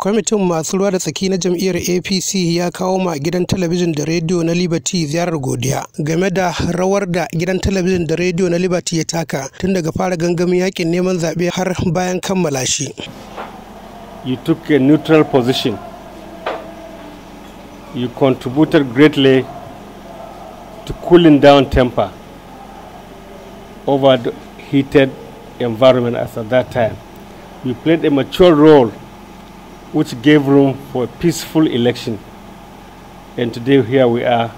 kwamitin masu ruwa da tsaki na jam'iyyar apc ya kawo ma gidan talabijin da rediyo na liberty ziyarar godiya game da rawar da gidan talabijin da rediyo na liberty ya taka tun daga fara gangamin yakin neman zaɓe har bayan kammala shi you took a neutral position you contributed greatly to cooling down temper over the heated environment as at that time you played a mature role which gave room for a peaceful election. And today, here we are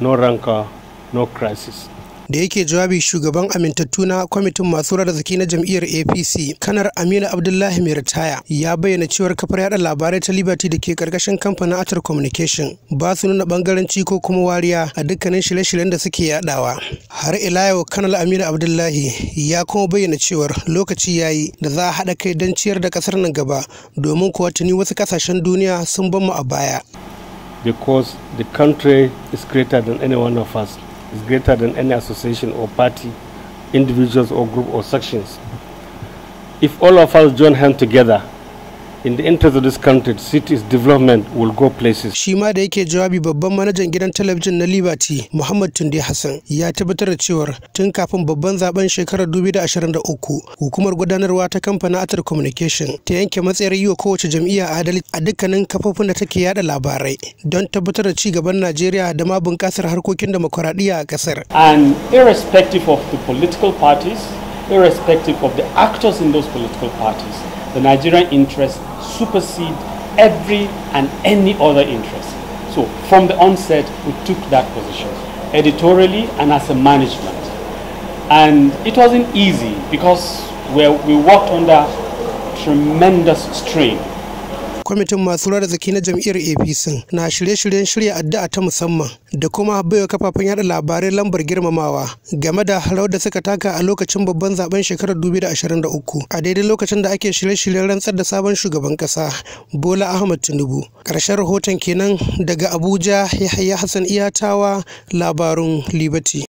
no rancor, no crisis. da yake jawabi shugaban amintattu na kwamitin masu zaki na jam'iyyar apc kanar aminu abdullahi mai ritaya ya bayyana cewar kafar yada labarai ta liberty da ke karkashin kamfanin atar communication ba su nuna bangaranci ko kuma wariya a dukkanin shirye-shiryen da suke yadawa har ila yau kanal aminu abdullahi ya kuma bayyana cewar lokaci ya yi da za a haɗa kai don ciyar da ƙasar nan gaba domin kuwa tuni wasu ƙasashen duniya sun ban mu a baya because the country is greater than any one of us is greater than any association or party, individuals or group or sections. If all of us join hands together in the interest of this country, city's development will go places. Shi ma da yake jawabi babban manajan gidan talabijin na Liberty, Muhammad Tunde Hassan, ya tabbatar da cewar tun kafin babban zaben shekarar 2023, hukumar gudanarwa ta kamfanin Atar Communication ta yanke matsayar yi wa kowace jam'iyya adalci a dukkanin kafofin da take yada labarai don tabbatar da ci gaban Najeriya da ma bunƙasar harkokin demokuraɗiyya a ƙasar. And irrespective of the political parties, irrespective of the actors in those political parties, the Nigerian interests supersede every and any other interest. So from the onset, we took that position, editorially and as a management. And it wasn't easy because we worked under tremendous strain kwamitin masu ruwa da na jam'iyyar apc na shirye-shiryen shirya addu'a ta musamman da kuma baiwa kafafen yada labarai lambar girmamawa game da rawar da suka taka a lokacin babban zaben shekarar 2023 a daidai lokacin da ake shirye-shiryen rantsar da sabon shugaban kasa bola ahmad tinubu ƙarshen rahoton kenan daga abuja yahaya hassan iyatawa labarun liberty